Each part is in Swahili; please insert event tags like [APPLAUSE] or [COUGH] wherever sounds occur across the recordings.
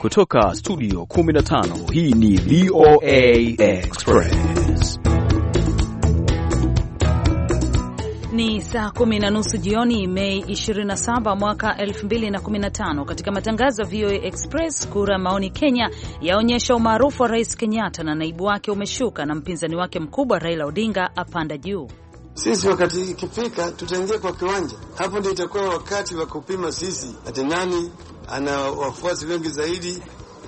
Kutoka studio 15 hii ni VOA Express. Ni saa kumi na nusu jioni Mei 27 mwaka 2015. Katika matangazo ya VOA Express, kura ya maoni Kenya yaonyesha umaarufu wa Rais Kenyatta na naibu wake umeshuka na mpinzani wake mkubwa Raila Odinga apanda juu. Sisi wakati ikifika tutaingia kwa kiwanja, hapo ndio itakuwa wakati wa kupima sisi ati nani ana wafuasi wengi zaidi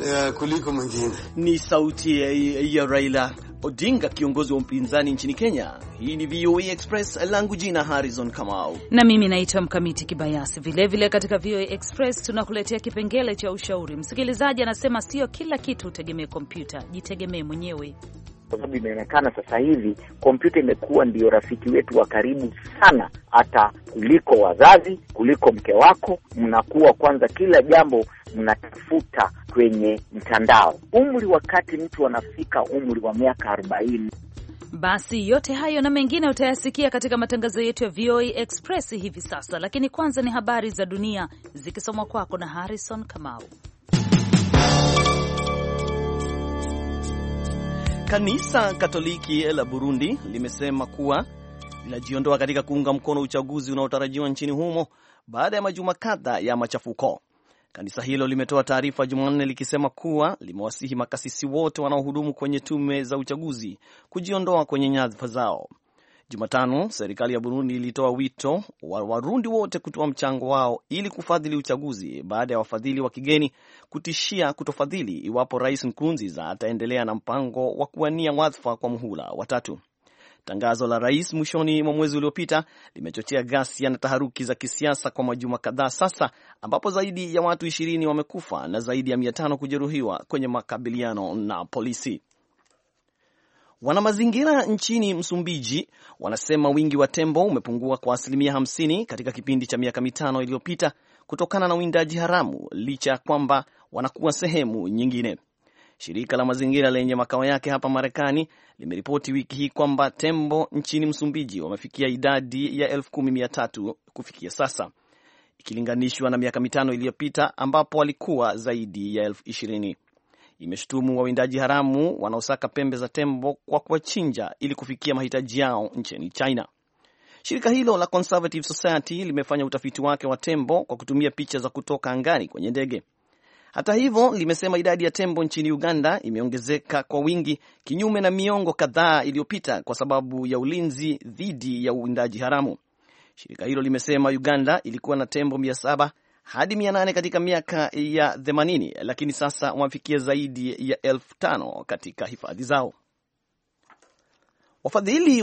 uh, kuliko mwingine. Ni sauti ya Raila Odinga, kiongozi wa upinzani nchini Kenya. Hii ni VOA e Express, langu jina Harrison Kamau, na mimi naitwa Mkamiti Kibayasi. Vilevile katika VOA e Express tunakuletea kipengele cha ushauri. Msikilizaji anasema sio kila kitu utegemee kompyuta, jitegemee mwenyewe kwa sababu inaonekana sasa hivi kompyuta imekuwa ndiyo rafiki wetu wa karibu sana, hata kuliko wazazi, kuliko mke wako. Mnakuwa kwanza, kila jambo mnatafuta kwenye mtandao. Umri wakati mtu anafika umri wa miaka arobaini. Basi yote hayo na mengine utayasikia katika matangazo yetu ya VOA Express hivi sasa, lakini kwanza ni habari za dunia zikisomwa kwako na Harrison Kamau. Kanisa Katoliki la Burundi limesema kuwa linajiondoa katika kuunga mkono uchaguzi unaotarajiwa nchini humo baada ya majuma kadha ya machafuko. Kanisa hilo limetoa taarifa Jumanne likisema kuwa limewasihi makasisi wote wanaohudumu kwenye tume za uchaguzi kujiondoa kwenye nyadhifa zao. Jumatano, serikali ya Burundi ilitoa wito wa Warundi wote kutoa mchango wao ili kufadhili uchaguzi baada ya wafadhili wa kigeni kutishia kutofadhili iwapo Rais Nkurunziza ataendelea na mpango wa kuwania wadhifa kwa muhula watatu. Tangazo la rais mwishoni mwa mwezi uliopita limechochea ghasia na taharuki za kisiasa kwa majuma kadhaa sasa, ambapo zaidi ya watu ishirini wamekufa na zaidi ya mia tano kujeruhiwa kwenye makabiliano na polisi. Wanamazingira nchini Msumbiji wanasema wingi wa tembo umepungua kwa asilimia 50 katika kipindi cha miaka mitano iliyopita kutokana na uwindaji haramu, licha ya kwamba wanakuwa sehemu nyingine. Shirika la mazingira lenye makao yake hapa Marekani limeripoti wiki hii kwamba tembo nchini Msumbiji wamefikia idadi ya elfu kufikia sasa ikilinganishwa na miaka mitano iliyopita ambapo walikuwa zaidi ya elfu ishirini imeshutumu wawindaji haramu wanaosaka pembe za tembo kwa kuwachinja ili kufikia mahitaji yao nchini China. Shirika hilo la Conservative Society limefanya utafiti wake wa tembo kwa kutumia picha za kutoka angani kwenye ndege. Hata hivyo, limesema idadi ya tembo nchini Uganda imeongezeka kwa wingi kinyume na miongo kadhaa iliyopita kwa sababu ya ulinzi dhidi ya uwindaji haramu. Shirika hilo limesema Uganda ilikuwa na tembo mia saba hadi 800 katika miaka ya 80, lakini sasa wamefikia zaidi ya elfu katika hifadhi zao. Wafadhili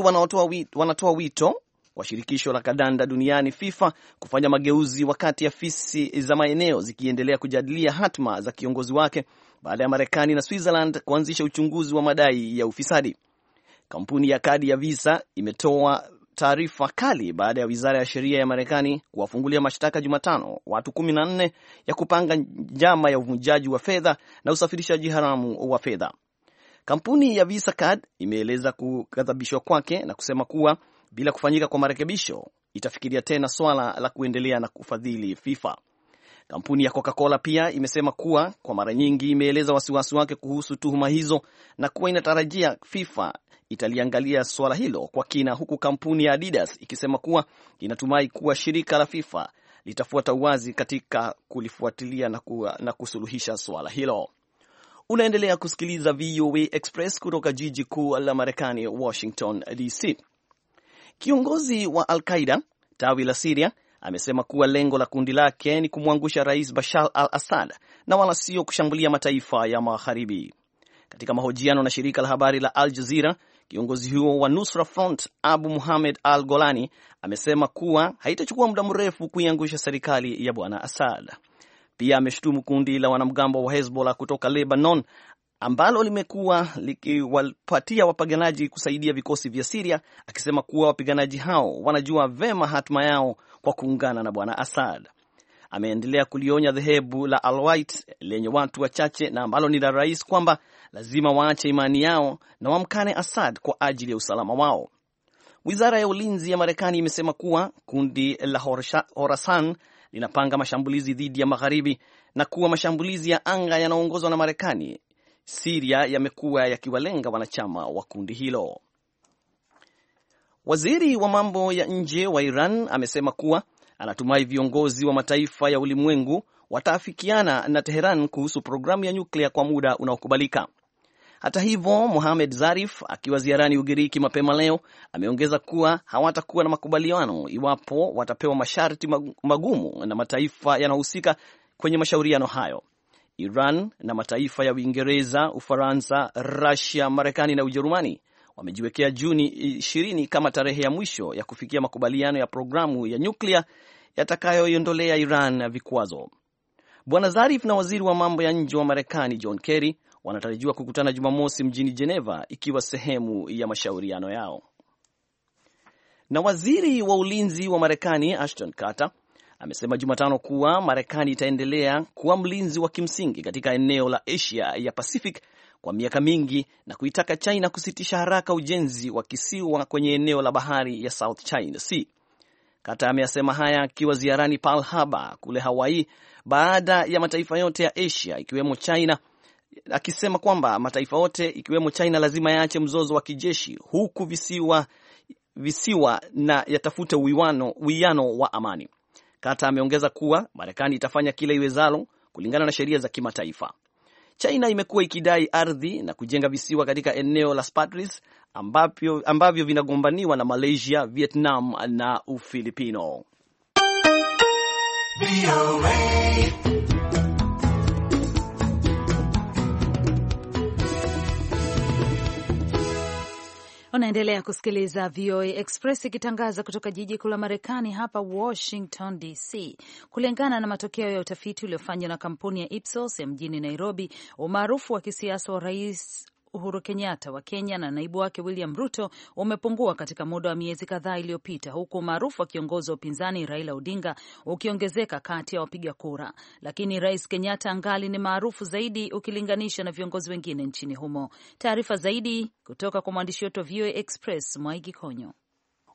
wanatoa wito kwa shirikisho la kadanda duniani FIFA kufanya mageuzi, wakati afisi za maeneo zikiendelea kujadilia hatma za kiongozi wake baada ya Marekani na Switzerland kuanzisha uchunguzi wa madai ya ufisadi. Kampuni ya kadi ya Visa imetoa taarifa kali baada ya wizara ya sheria ya Marekani kuwafungulia mashtaka Jumatano watu kumi na nne ya kupanga njama ya uvunjaji wa fedha na usafirishaji haramu wa fedha. Kampuni ya Visa Card imeeleza kughadhabishwa kwake na kusema kuwa bila kufanyika kwa marekebisho itafikiria tena swala la kuendelea na kufadhili FIFA. Kampuni ya Coca-Cola pia imesema kuwa kwa mara nyingi imeeleza wasiwasi wake kuhusu tuhuma hizo na kuwa inatarajia FIFA italiangalia suala hilo kwa kina, huku kampuni ya Adidas ikisema kuwa inatumai kuwa shirika la FIFA litafuata uwazi katika kulifuatilia na, kuwa, na kusuluhisha suala hilo. Unaendelea kusikiliza VOA Express kutoka jiji kuu la Marekani, Washington DC. Kiongozi wa Al Qaida tawi la Siria amesema kuwa lengo la kundi lake ni kumwangusha Rais Bashar al Assad na wala sio kushambulia mataifa ya Magharibi. Katika mahojiano na shirika la habari la Al Jazeera, kiongozi huo wa Nusra Front Abu Muhamed al Golani amesema kuwa haitachukua muda mrefu kuiangusha serikali ya Bwana Assad. Pia ameshutumu kundi la wanamgambo wa Hezbollah kutoka Lebanon ambalo limekuwa likiwapatia wapiganaji kusaidia vikosi vya Siria, akisema kuwa wapiganaji hao wanajua vema hatima yao kwa kuungana na bwana Assad. Ameendelea kulionya dhehebu la Alwait lenye watu wachache na ambalo ni la rais kwamba lazima waache imani yao na wamkane Assad kwa ajili ya usalama wao. Wizara ya ulinzi ya Marekani imesema kuwa kundi la Horasan linapanga mashambulizi dhidi ya magharibi na kuwa mashambulizi ya anga yanaongozwa na Marekani Siria yamekuwa yakiwalenga wanachama wa kundi hilo. Waziri wa mambo ya nje wa Iran amesema kuwa anatumai viongozi wa mataifa ya ulimwengu wataafikiana na Teheran kuhusu programu ya nyuklia kwa muda unaokubalika. Hata hivyo, Mohamed Zarif akiwa ziarani Ugiriki mapema leo ameongeza kuwa hawatakuwa na makubaliano iwapo watapewa masharti magumu na mataifa yanayohusika kwenye mashauriano hayo. Iran na mataifa ya Uingereza, Ufaransa, Rusia, Marekani na Ujerumani wamejiwekea Juni 20 kama tarehe ya mwisho ya kufikia makubaliano ya programu ya nyuklia yatakayoiondolea Iran vikwazo. Bwana Zarif na waziri wa mambo ya nje wa Marekani John Kerry wanatarajiwa kukutana Jumamosi mjini Geneva ikiwa sehemu ya mashauriano yao. Na waziri wa ulinzi wa Marekani Ashton Carter amesema Jumatano kuwa Marekani itaendelea kuwa mlinzi wa kimsingi katika eneo la Asia ya Pacific kwa miaka mingi na kuitaka China kusitisha haraka ujenzi wa kisiwa kwenye eneo la bahari ya South China Sea. Kata ameyasema haya akiwa ziarani Pearl Harbor kule Hawaii, baada ya mataifa yote ya Asia ikiwemo China, akisema kwamba mataifa yote ikiwemo China lazima yaache mzozo wa kijeshi, huku visiwa visiwa na yatafute uwiano wa amani kata ameongeza kuwa Marekani itafanya kila iwezalo kulingana na sheria za kimataifa. China imekuwa ikidai ardhi na kujenga visiwa katika eneo la Spratleys ambavyo vinagombaniwa na Malaysia, Vietnam na Ufilipino. Unaendelea kusikiliza VOA Express ikitangaza kutoka jiji kuu la Marekani, hapa Washington DC. Kulingana na matokeo ya utafiti uliofanywa na kampuni ya Ipsos ya mjini Nairobi, umaarufu wa kisiasa wa rais Uhuru Kenyatta wa Kenya na naibu wake William Ruto umepungua katika muda wa miezi kadhaa iliyopita, huku umaarufu wa kiongozi wa upinzani Raila Odinga ukiongezeka kati ya wapiga kura, lakini Rais Kenyatta angali ni maarufu zaidi ukilinganisha na viongozi wengine nchini humo. Taarifa zaidi kutoka kwa mwandishi wetu wa VOA Express Mwaigi Konyo.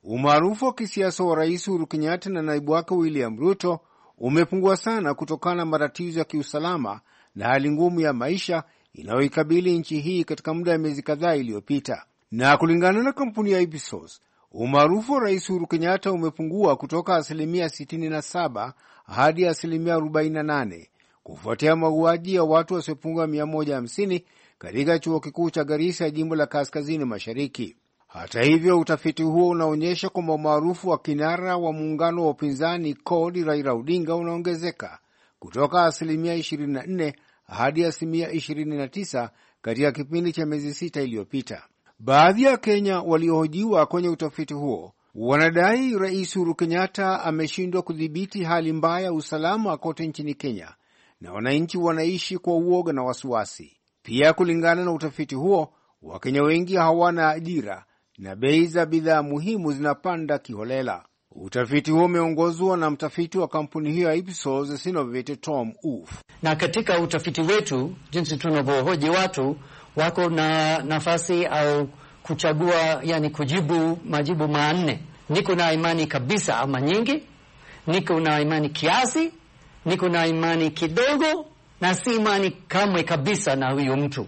Umaarufu wa kisiasa wa Rais Uhuru Kenyatta na naibu wake William Ruto umepungua sana kutokana na matatizo ya kiusalama na hali ngumu ya maisha inayoikabili nchi hii katika muda ya miezi kadhaa iliyopita. Na kulingana na kampuni ya Ipsos, umaarufu wa Rais Uhuru Kenyatta umepungua kutoka asilimia 67 hadi asilimia 48 kufuatia mauaji ya watu wasiopungua 150 katika chuo kikuu cha Garisa ya jimbo la kaskazini mashariki. Hata hivyo, utafiti huo unaonyesha kwamba umaarufu wa kinara wa muungano wa upinzani CORD Raila Odinga unaongezeka kutoka asilimia 24 hadi asilimia 29 katika kipindi cha miezi sita iliyopita. Baadhi ya Wakenya waliohojiwa kwenye utafiti huo wanadai Rais Uhuru Kenyatta ameshindwa kudhibiti hali mbaya ya usalama kote nchini Kenya na wananchi wanaishi kwa uoga na wasiwasi. Pia kulingana na utafiti huo, Wakenya wengi hawana ajira na bei za bidhaa muhimu zinapanda kiholela. Utafiti huo umeongozwa na mtafiti wa kampuni hiyo ya Ipsos Sinovit, Tom Uf. Na katika utafiti wetu, jinsi tunavyohoji watu wako na nafasi au kuchagua, yani kujibu majibu manne. Niko na imani kabisa ama nyingi, niko na imani kiasi, niko na imani kidogo, na si imani kamwe kabisa na huyo mtu.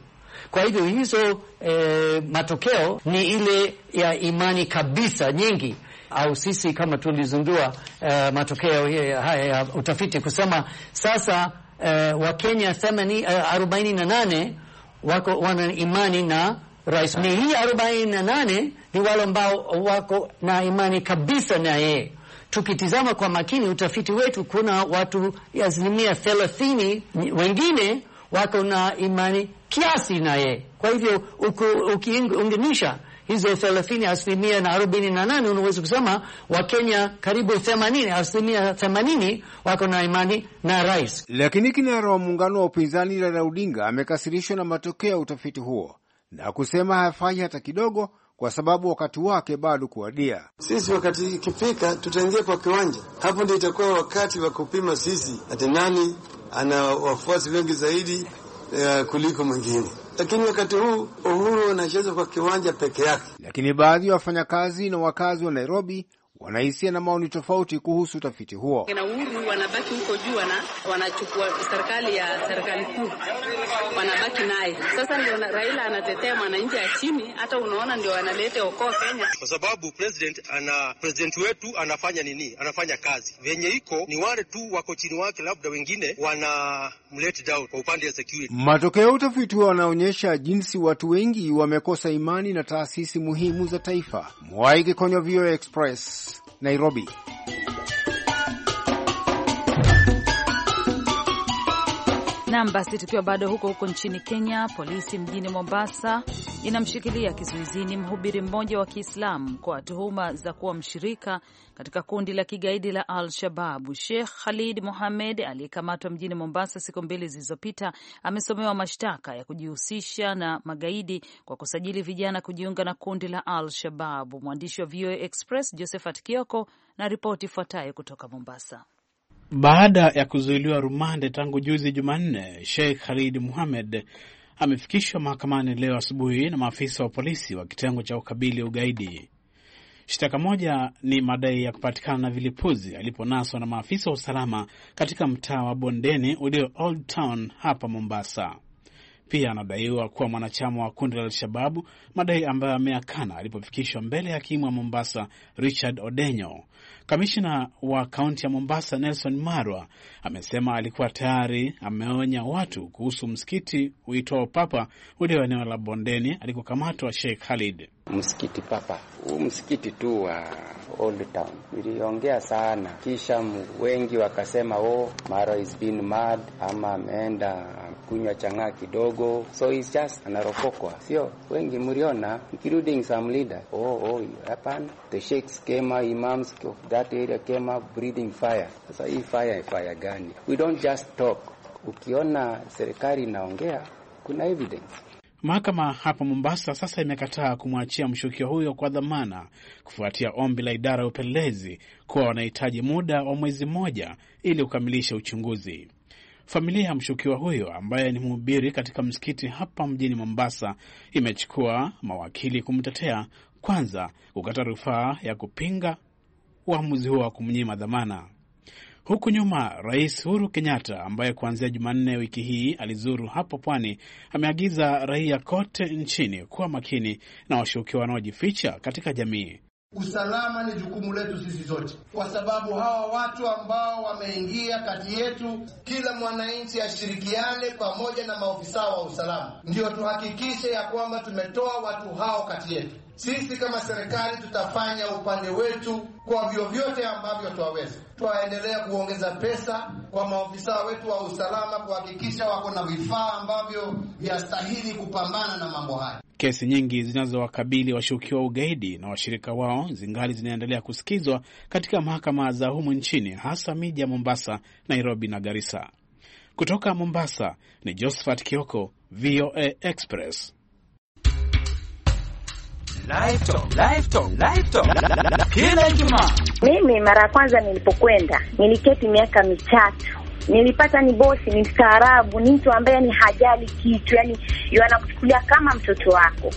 Kwa hivyo hizo eh, matokeo ni ile ya imani kabisa nyingi au sisi kama tulizindua uh, matokeo haya ya utafiti kusema sasa uh, eh, Wakenya eh, arobaini na nane wako wana imani na rais ni Hii arobaini na nane ni wale ambao wako na imani kabisa na yeye. Tukitizama kwa makini utafiti wetu, kuna watu asilimia thelathini wengine wako na imani kiasi na ye. Kwa hivyo ukiunganisha hizo thelathini asilimia na arobaini na nane unaweza kusema Wakenya karibu themanini asilimia themanini wako na imani na rais. Lakini kinara wa muungano wa upinzani Raila Odinga amekasirishwa na matokeo ya utafiti huo na kusema hayafanyi hata kidogo, kwa sababu wakati wake bado kuwadia. Sisi wakati ikifika, tutaingia kwa kiwanja, hapo ndio itakuwa wakati wa kupima sisi ati nani ana wafuasi wengi zaidi, ya kuliko mwingine lakini wakati huu Uhuru anacheza kwa kiwanja peke yake. Lakini baadhi ya wafanyakazi na wakazi wa Nairobi wanahisia na maoni tofauti kuhusu utafiti huo. Na Uhuru wanabaki huko juu, wanachukua serikali ya serikali kuu, wanabaki naye. Sasa ndio Raila anatetea mwananchi ya chini, hata unaona ndio wanalete okoa Kenya, kwa sababu president ana president wetu anafanya nini? Anafanya kazi venye iko, ni wale tu wako chini wake, labda wengine wana down kwa upande ya security. Matokeo ya utafiti huo wanaonyesha jinsi watu wengi wamekosa imani na taasisi muhimu za taifa. Mwaiki Konyo, VOA Express, Nairobi. Nam, basi tukiwa bado huko huko nchini Kenya, polisi mjini Mombasa inamshikilia kizuizini mhubiri mmoja wa Kiislamu kwa tuhuma za kuwa mshirika katika kundi la kigaidi la Al Shababu. Sheikh Khalid Mohamed aliyekamatwa mjini Mombasa siku mbili zilizopita amesomewa mashtaka ya kujihusisha na magaidi kwa kusajili vijana kujiunga na kundi la Al Shababu. Mwandishi wa VOA Express Josephat Kioko na ripoti ifuatayo kutoka Mombasa. Baada ya kuzuiliwa rumande tangu juzi Jumanne, Sheikh Khalid Muhamed amefikishwa mahakamani leo asubuhi na maafisa wa polisi wa kitengo cha ukabili ugaidi. Shtaka moja ni madai ya kupatikana na vilipuzi aliponaswa na maafisa wa usalama katika mtaa wa Bondeni ulio Old Town hapa Mombasa. Pia anadaiwa kuwa mwanachama wa kundi la Al-Shababu, madai ambayo ameakana alipofikishwa mbele ya hakimu wa Mombasa Richard Odenyo. Kamishina wa kaunti ya Mombasa Nelson Marwa amesema alikuwa tayari ameonya watu kuhusu msikiti uitwao Papa ulio eneo la Bondeni alikokamatwa Sheikh Khalid. Msikiti Papa huu msikiti tu wa Old Town niliongea sana, kisha wengi wakasema oh, Marwa is been mad ama ameenda kunywa chang'aa kidogo, so it's just anarokokwa. Sio wengi mliona, including some leader. Oh, oh, happen The sheikhs came out, imams of that area came out breathing fire. Sasa hii fire fire gani? We don't just talk. Ukiona serikali inaongea, kuna evidence. Mahakama hapa Mombasa sasa imekataa kumwachia mshukiwa huyo kwa dhamana kufuatia ombi la idara ya upelelezi kuwa wanahitaji muda wa mwezi mmoja ili kukamilisha uchunguzi. Familia ya mshukiwa huyo ambaye ni mhubiri katika msikiti hapa mjini Mombasa imechukua mawakili kumtetea, kwanza kukata rufaa ya kupinga uamuzi huo wa kumnyima dhamana. Huku nyuma, Rais Uhuru Kenyatta ambaye kuanzia Jumanne wiki hii alizuru hapo pwani, ameagiza raia kote nchini kuwa makini na washukiwa wanaojificha katika jamii. Usalama ni jukumu letu sisi zote, kwa sababu hawa watu ambao wameingia kati yetu, kila mwananchi ashirikiane pamoja na maofisa wa usalama, ndio tuhakikishe ya kwamba tumetoa watu hao kati yetu. Sisi kama serikali tutafanya upande wetu kwa vyovyote ambavyo twaweza. Twaendelea kuongeza pesa kwa maofisa wetu wa usalama kuhakikisha wako na vifaa ambavyo vyastahili kupambana na mambo haya. Kesi nyingi zinazowakabili washukiwa ugaidi na washirika wao zingali zinaendelea kusikizwa katika mahakama za humu nchini, hasa miji ya Mombasa, Nairobi na Garissa. Kutoka Mombasa ni Josephat Kioko, VOA Express kila Ijumaa. Mimi mara ya kwanza nilipokwenda niliketi miaka mitatu nilipata ni bosi, ni mstaarabu, ni mtu ambaye ni hajali kitu, yani anakuchukulia kama mtoto wako.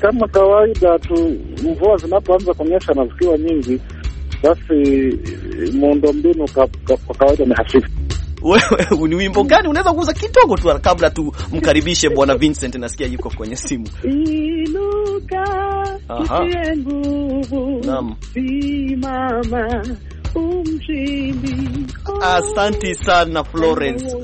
Kama kawaida tu, mvua zinapoanza kunyesha na zikiwa nyingi, basi eh, muundombinu kwa kawaida ni hafifu wewe [LAUGHS] ni wimbo gani unaweza kuuza kidogo tu, kabla tumkaribishe bwana Vincent, nasikia yuko kwenye simu. Inuka, utie nguvu, simama, umshindi. Asanti sana Florence.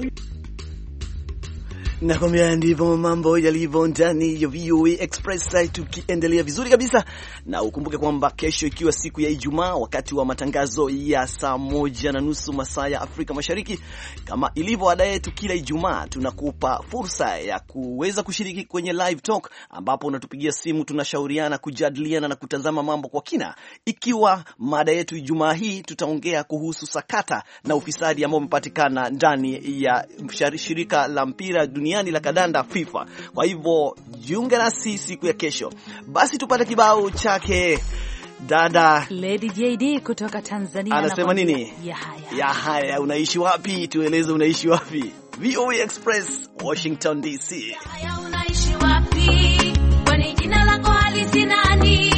Nakwambia ndivyo mambo yalivyo ndani ya VOA Express, tukiendelea vizuri kabisa, na ukumbuke kwamba kesho, ikiwa siku ya Ijumaa, wakati wa matangazo ya saa moja na nusu masaa ya Afrika Mashariki, kama ilivyo ada yetu kila Ijumaa, tunakupa fursa ya kuweza kushiriki kwenye live talk, ambapo unatupigia simu, tunashauriana, kujadiliana na kutazama mambo kwa kina, ikiwa mada yetu Ijumaa hii tutaongea kuhusu sakata na ufisadi ambao umepatikana ndani ya shirika la mpira duniani la kadanda FIFA. Kwa hivyo jiunge nasi siku ya kesho. Basi tupate kibao chake dada Lady JD kutoka Tanzania, anasema nini? Ya haya, ya haya, unaishi wapi? Tueleze unaishi wapi? VOA e Express, Washington DC. Ya haya, unaishi wapi? Kwani jina lako halisi nani?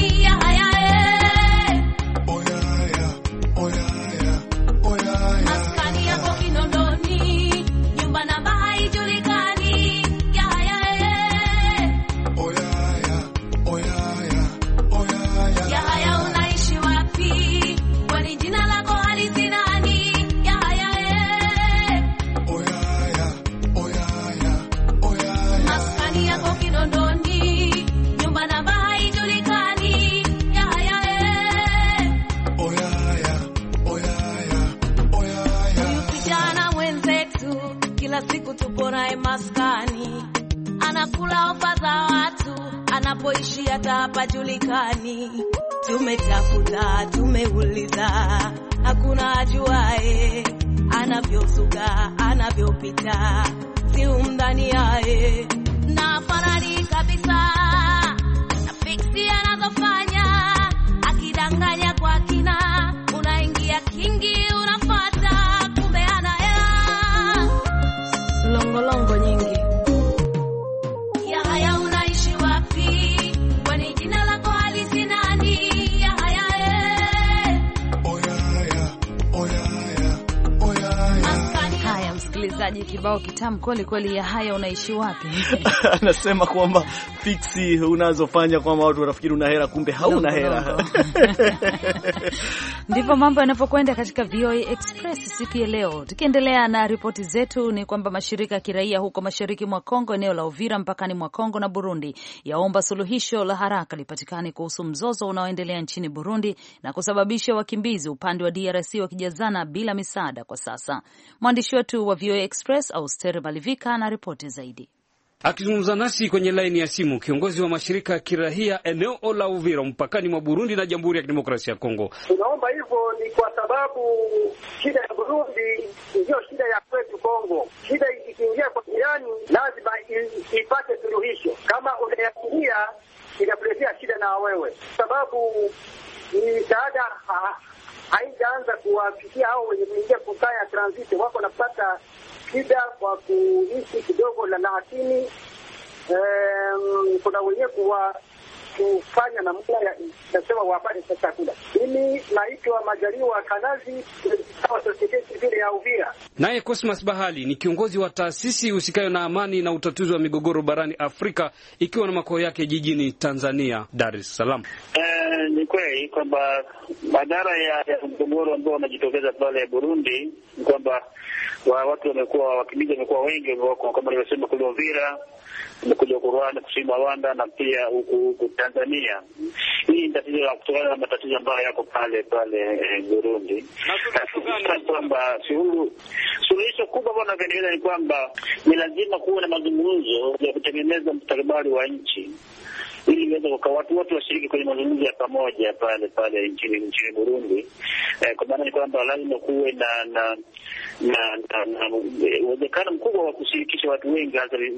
kibao kitamu kweli kweli ya haya unaishi wapi? [LAUGHS] Anasema kwamba fiksi unazofanya kwamba watu wanafikiri una hera, kumbe hauna hera. [LAUGHS] Ndivyo mambo yanapokwenda katika VOA Express siku ya leo. Tukiendelea na ripoti zetu, ni kwamba mashirika ya kiraia huko mashariki mwa Kongo, eneo la Uvira, mpakani mwa Kongo na Burundi, yaomba suluhisho la haraka lipatikane kuhusu mzozo unaoendelea nchini Burundi na kusababisha wakimbizi upande wa DRC wakijazana bila misaada kwa sasa. Mwandishi wetu wa VOA Express Auster Malivika ana ripoti zaidi. Akizungumza nasi kwenye laini ya simu, kiongozi wa mashirika ya kirahia eneo la Uvira mpakani mwa Burundi na Jamhuri ya Kidemokrasia ya Kongo. Tunaomba hivyo ni kwa sababu shida ya Burundi ndiyo shida ya kwetu Kongo. Shida ikiingia kwa jirani, lazima ipate suluhisho. Kama unayaingia inakuletea shida na wewe, sababu misaada haijaanza kuwafikia hao wenye kuingia kukaa ya transiti, wako napata shida kwa kuishi kidogo la lahatini. Um, kuna wenye kuwa kufanya namna ya nasema wapate cha chakula. Mimi naitwa Majaliwa Kanazi sawa Society vile ya Uvira. Naye Cosmas Bahali ni kiongozi wa taasisi usikayo na amani na utatuzi wa migogoro barani Afrika ikiwa na makao yake jijini Tanzania, Dar es Salaam. Eh, ni kweli kwamba madhara ya, ya mgogoro ambao wanajitokeza pale Burundi ni kwamba wa, watu wamekuwa wakimbizi wamekuwa wengi kama nilivyosema kule Uvira kuja Rwanda kushimba Rwanda na pia huku Tanzania. Hii ni tatizo la kutokana na matatizo ambayo yako pale pale eh, Burundi, kwamba suluhisho kubwa bwana Venezuela ni kwamba ni lazima kuwe na mazungumzo ya kutengeneza mustakabali wa nchi ili iweze watu wote washiriki kwenye mazungumzo ya pamoja pale pale nchini nchini Burundi, Eh, kwa maana ni kwamba lazima kuwe na na na uwezekano mkubwa wa kushirikisha watu wengi, hata eh,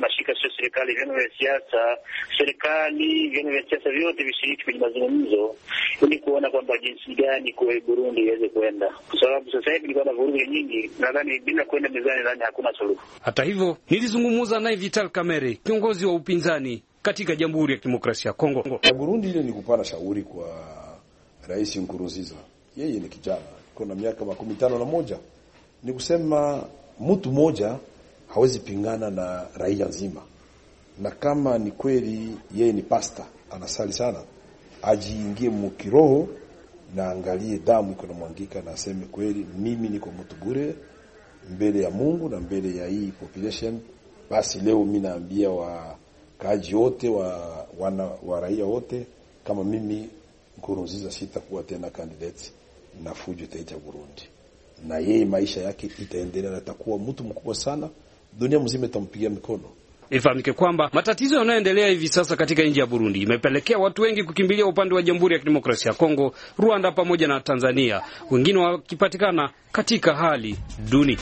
mashirika sio serikali, vyama vya siasa, serikali, vyama vya siasa vyote vishiriki kwenye mazungumzo ili kuona kwamba jinsi gani kwa Burundi iweze kwenda, kwa sababu sasa hivi ni kwamba vurugu nyingi, nadhani bila kwenda mezani, nadhani hakuna suluhu. Hata hivyo nilizungumza naye Vital Kamere, kiongozi wa upinzani katika Jamhuri ya Kidemokrasia ya Kongo. Na Burundi ile ni kupana shauri kwa Rais Nkurunziza, yeye ni kijana, iko na miaka makumi tano na moja. Ni kusema mtu mmoja hawezi pingana na raia nzima, na kama ni kweli yeye ni pasta, anasali sana, ajiingie mukiroho na angalie damu iko namwangika, na aseme kweli, mimi niko mtu bure mbele ya Mungu na mbele ya hii population. Basi leo mi naambia wa wakaaji wote wa wana wa raia wote kama mimi Nkurunziza sitakuwa tena candidate na fujo itaita Burundi, na yeye maisha yake itaendelea, atakuwa mtu mkubwa sana, dunia mzima itampigia mikono. Ifahamike kwamba matatizo yanayoendelea hivi sasa katika nchi ya Burundi imepelekea watu wengi kukimbilia upande wa Jamhuri ya Kidemokrasia ya Kongo, Rwanda pamoja na Tanzania, wengine wakipatikana katika hali duni.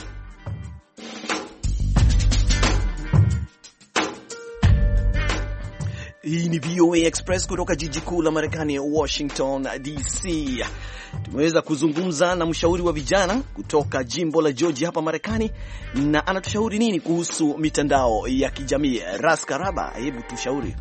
Hii ni VOA Express kutoka jiji kuu la Marekani, Washington DC. Tumeweza kuzungumza na mshauri wa vijana kutoka jimbo la Georgia hapa Marekani, na anatushauri nini kuhusu mitandao ya kijamii? Ras Karaba, hebu tushauri.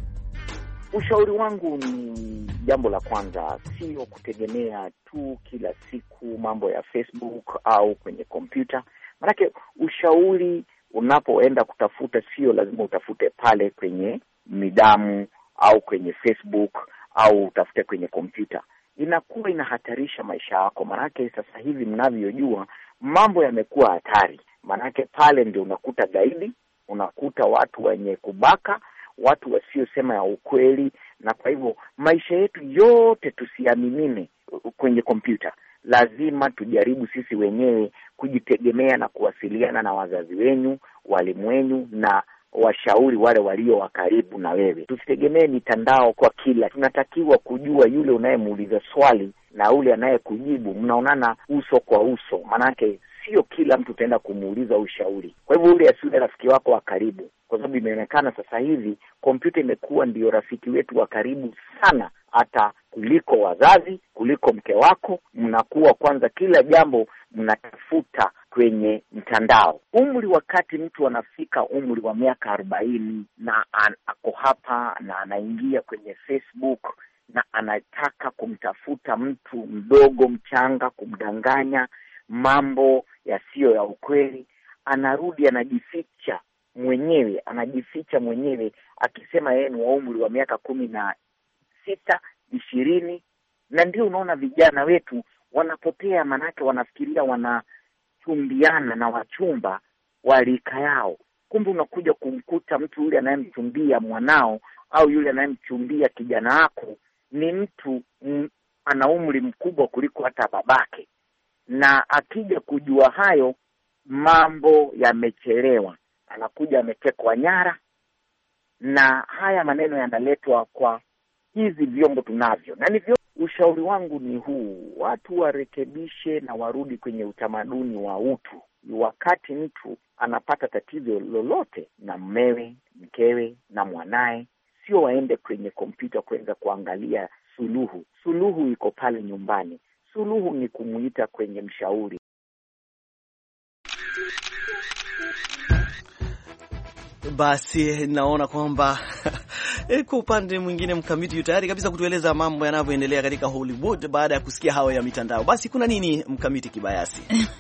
Ushauri wangu ni jambo la kwanza, sio kutegemea tu kila siku mambo ya Facebook au kwenye kompyuta, manake ushauri unapoenda kutafuta sio lazima utafute pale kwenye midamu au kwenye Facebook au utafute kwenye kompyuta, inakuwa inahatarisha maisha yako. Maanake sasa hivi mnavyojua, mambo yamekuwa hatari. Maanake pale ndio unakuta gaidi, unakuta watu wenye kubaka, watu wasiosema ya ukweli, na kwa hivyo maisha yetu yote tusiaminine kwenye kompyuta. Lazima tujaribu sisi wenyewe kujitegemea na kuwasiliana na wazazi wenyu, walimu wenyu na washauri wale walio wa karibu na wewe. Tusitegemee mitandao kwa kila, tunatakiwa kujua yule unayemuuliza swali na ule anayekujibu mnaonana uso kwa uso, maanake sio kila mtu utaenda kumuuliza ushauri. Kwa hivyo ule asiwe rafiki wako wa karibu, kwa sababu imeonekana sasa hivi kompyuta imekuwa ndio rafiki wetu wa karibu sana, hata kuliko wazazi, kuliko mke wako. Mnakuwa kwanza, kila jambo mnatafuta kwenye mtandao. Umri, wakati mtu anafika umri wa miaka arobaini na ako hapa na anaingia kwenye Facebook na anataka kumtafuta mtu mdogo mchanga, kumdanganya mambo yasiyo ya ukweli, anarudi anajificha mwenyewe, anajificha mwenyewe akisema yeye ni wa umri wa miaka kumi na sita ishirini, na ndio unaona vijana wetu wanapotea, maanake wanafikiria wanachumbiana na wachumba wa rika yao, kumbe unakuja kumkuta mtu yule anayemchumbia mwanao au yule anayemchumbia kijana wako ni mtu ana umri mkubwa kuliko hata babake, na akija kujua hayo mambo yamechelewa, anakuja ametekwa nyara, na haya maneno yanaletwa kwa hizi vyombo tunavyo na ni vyombo. Ushauri wangu ni huu, watu warekebishe na warudi kwenye utamaduni wa utu. Wakati mtu anapata tatizo lolote na mmewe, mkewe na mwanaye, sio waende kwenye kompyuta kuweza kuangalia suluhu. Suluhu iko pale nyumbani. Suluhu ni kumwita kwenye mshauri. Basi naona kwamba [LAUGHS] Eh, kwa upande mwingine, Mkamiti yu tayari kabisa kutueleza mambo yanavyoendelea katika Hollywood baada ya kusikia hayo ya mitandao. Basi kuna nini, Mkamiti Kibayasi? [LAUGHS]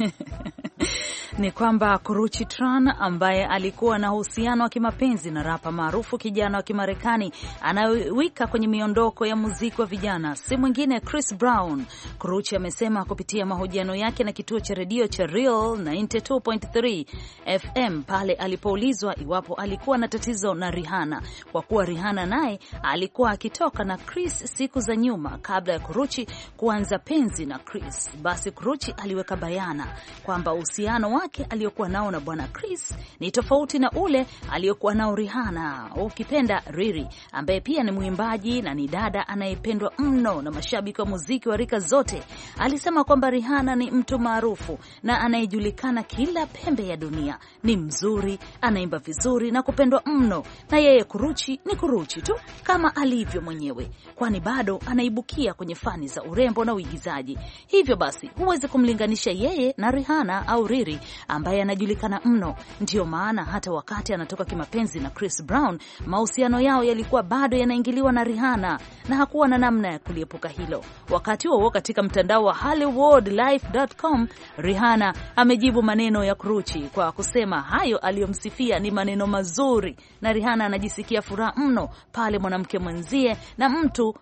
ni kwamba Kuruchi Tran ambaye alikuwa na uhusiano wa kimapenzi na rapa maarufu kijana wa Kimarekani anayewika kwenye miondoko ya muziki wa vijana si mwingine Chris Brown. Kuruchi amesema kupitia mahojiano yake na kituo cha redio cha Real 92.3 FM pale alipoulizwa iwapo alikuwa na tatizo na Rihanna kwa kuwa Rihanna naye alikuwa akitoka na Chris siku za nyuma kabla ya Kuruchi kuanza penzi na Chris. Basi Kuruchi aliweka bayana kwamba uhusiano wa wake aliyokuwa nao na bwana Chris ni tofauti na ule aliyokuwa nao Rihanna, ukipenda Riri, ambaye pia ni mwimbaji na ni dada anayependwa mno na mashabiki wa muziki wa rika zote. Alisema kwamba Rihanna ni mtu maarufu na anayejulikana kila pembe ya dunia, ni mzuri, anaimba vizuri na kupendwa mno, na yeye kuruchi ni kuruchi tu kama alivyo mwenyewe, kwani bado anaibukia kwenye fani za urembo na uigizaji. Hivyo basi huwezi kumlinganisha yeye na Rihanna au Riri, ambaye anajulikana mno. ndio maana hata wakati anatoka kimapenzi na Chris Brown, mahusiano yao yalikuwa bado yanaingiliwa na Rihanna na hakuwa na namna ya kuliepuka hilo. Wakati huo katika mtandao wa HollywoodLife.com, Rihanna amejibu maneno ya Kruchi kwa kusema hayo aliyomsifia ni maneno mazuri, na Rihanna anajisikia furaha mno pale mwanamke mwenzie na mtu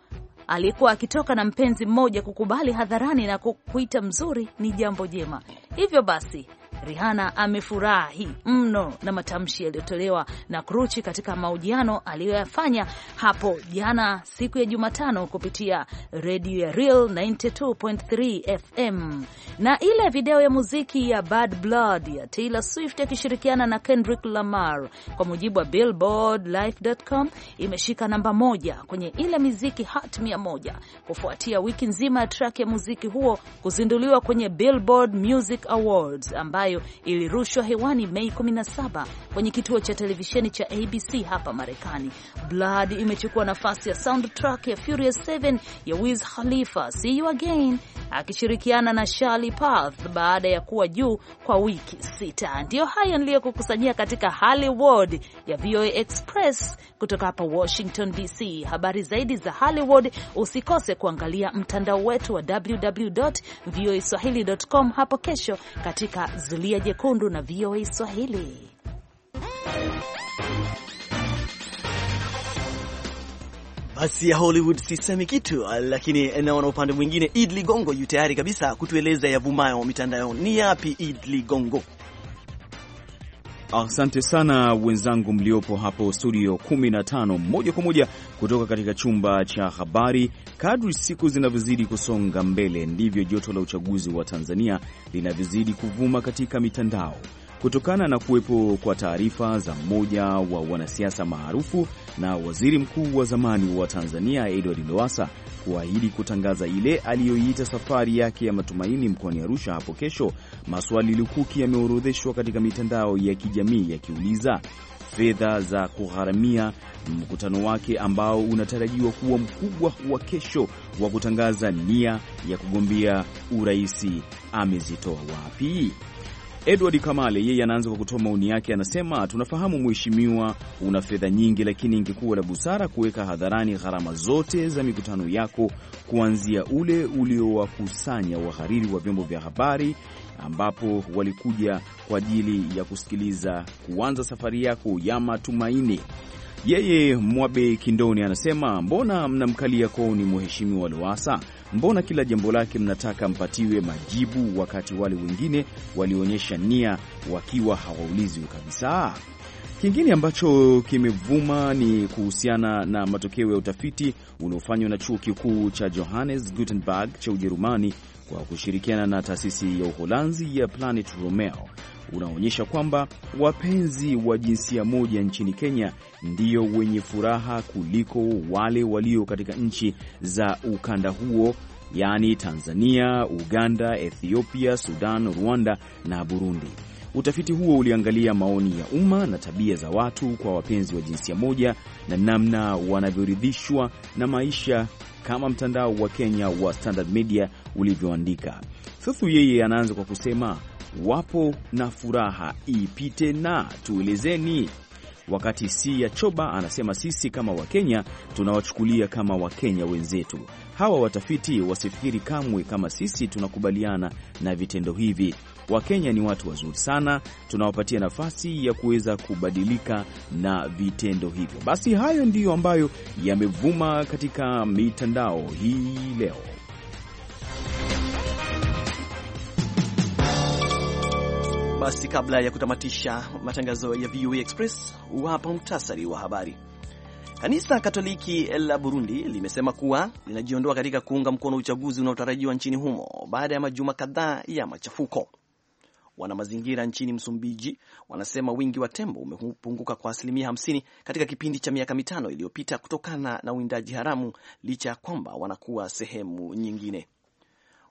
alikuwa akitoka na mpenzi mmoja kukubali hadharani na kukuita mzuri ni jambo jema. Hivyo basi Rihanna amefurahi mno na matamshi yaliyotolewa na Kruchi katika mahojiano aliyoyafanya hapo jana siku ya Jumatano kupitia redio ya Real 92.3 FM. Na ile video ya muziki ya Bad Blood ya Taylor Swift akishirikiana na Kendrick Lamar, kwa mujibu wa Life.com imeshika namba moja kwenye ile miziki hot 100 kufuatia wiki nzima ya track ya muziki huo kuzinduliwa kwenye Billboard Music Awards ambayo ambayo ilirushwa hewani Mei 17 kwenye kituo cha televisheni cha ABC hapa Marekani. Blood imechukua nafasi ya soundtrack ya Furious 7 ya Wiz Khalifa See You Again akishirikiana na Shali Path baada ya kuwa juu kwa wiki sita. Ndiyo hayo niliyokukusanyia katika Hollywood ya VOA Express kutoka hapa Washington DC. Habari zaidi za Hollywood usikose kuangalia mtandao wetu wa www.voaswahili.com hapo kesho katika Zulia Jekundu na VOA Swahili. Basi ya Hollywood sisemi kitu, lakini naona upande mwingine Id Ligongo yu tayari kabisa kutueleza yavumayo mitandao ni yapi. Id Ligongo. Asante sana wenzangu mliopo hapo studio 15 moja kwa moja kutoka katika chumba cha habari. Kadri siku zinavyozidi kusonga mbele, ndivyo joto la uchaguzi wa Tanzania linavyozidi kuvuma katika mitandao kutokana na kuwepo kwa taarifa za mmoja wa wanasiasa maarufu na waziri mkuu wa zamani wa Tanzania Edward Lowassa kuahidi kutangaza ile aliyoiita safari yake ya matumaini mkoani Arusha hapo kesho. Maswali lukuki yameorodheshwa katika mitandao ya kijamii yakiuliza fedha za kugharamia mkutano wake ambao unatarajiwa kuwa mkubwa wa kesho wa kutangaza nia ya kugombea uraisi amezitoa wapi? Edward Kamale yeye anaanza kwa kutoa maoni yake, anasema tunafahamu mheshimiwa, una fedha nyingi, lakini ingekuwa la busara kuweka hadharani gharama zote za mikutano yako, kuanzia ule uliowakusanya wahariri wa vyombo vya habari ambapo walikuja kwa ajili ya kusikiliza kuanza safari yako ya matumaini. Yeye Mwabe Kindoni anasema mbona mnamkalia kooni Mheshimiwa Lowassa? Mbona kila jambo lake mnataka mpatiwe majibu, wakati wale wengine walionyesha nia wakiwa hawaulizwi kabisa? Kingine ambacho kimevuma ni kuhusiana na matokeo ya utafiti uliofanywa na chuo kikuu cha Johannes Gutenberg cha Ujerumani kwa kushirikiana na taasisi ya Uholanzi ya Planet Romeo unaonyesha kwamba wapenzi wa jinsia moja nchini Kenya ndio wenye furaha kuliko wale walio katika nchi za ukanda huo, yaani Tanzania, Uganda, Ethiopia, Sudan, Rwanda na Burundi. Utafiti huo uliangalia maoni ya umma na tabia za watu kwa wapenzi wa jinsia moja na namna wanavyoridhishwa na maisha, kama mtandao wa Kenya wa Standard Media ulivyoandika. Sasa yeye anaanza kwa kusema wapo na furaha ipite na tuelezeni wakati si ya Choba anasema sisi kama Wakenya tunawachukulia kama Wakenya wenzetu hawa. Watafiti wasifikiri kamwe kama sisi tunakubaliana na vitendo hivi. Wakenya ni watu wazuri sana, tunawapatia nafasi ya kuweza kubadilika na vitendo hivyo. Basi hayo ndiyo ambayo yamevuma katika mitandao hii leo. Basi kabla ya kutamatisha matangazo ya VOA e Express, hapa muhtasari wa habari. Kanisa Katoliki la Burundi limesema kuwa linajiondoa katika kuunga mkono uchaguzi unaotarajiwa nchini humo baada ya majuma kadhaa ya machafuko. Wanamazingira nchini Msumbiji wanasema wingi wa tembo umepunguka kwa asilimia 50 katika kipindi cha miaka mitano iliyopita kutokana na uwindaji haramu licha ya kwamba wanakuwa sehemu nyingine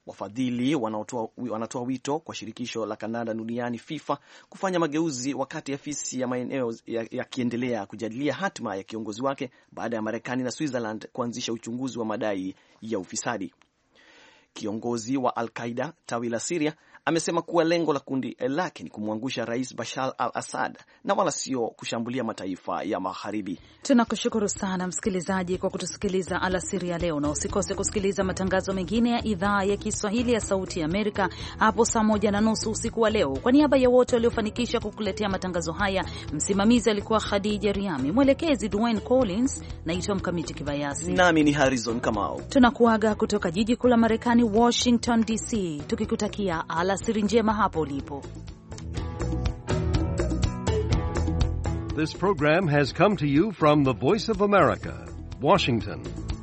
Wafadhili wanatoa, wito kwa shirikisho la kanada duniani FIFA kufanya mageuzi, wakati afisi ya maeneo yakiendelea kujadilia hatima ya kiongozi wake baada ya Marekani na Switzerland kuanzisha uchunguzi wa madai ya ufisadi. Kiongozi wa Al Qaida tawi la Siria amesema kuwa lengo la kundi eh, lake ni kumwangusha Rais Bashar al Assad na wala sio kushambulia mataifa ya Magharibi. Tunakushukuru sana msikilizaji kwa kutusikiliza alasiri ya leo, na usikose kusikiliza matangazo mengine ya idhaa ya Kiswahili ya Sauti ya Amerika hapo saa moja na nusu usiku wa leo. Kwa niaba ya wote waliofanikisha kukuletea matangazo haya, msimamizi alikuwa Khadija Riami, mwelekezi Dwayne Collins, naitwa Mkamiti Kibayasi nami ni Harrison Kamau. Tunakuaga kutoka jiji kuu la Marekani, Washington DC, tukikutakia ala Alasiri njema hapo ulipo. This program has come to you from the Voice of America, Washington.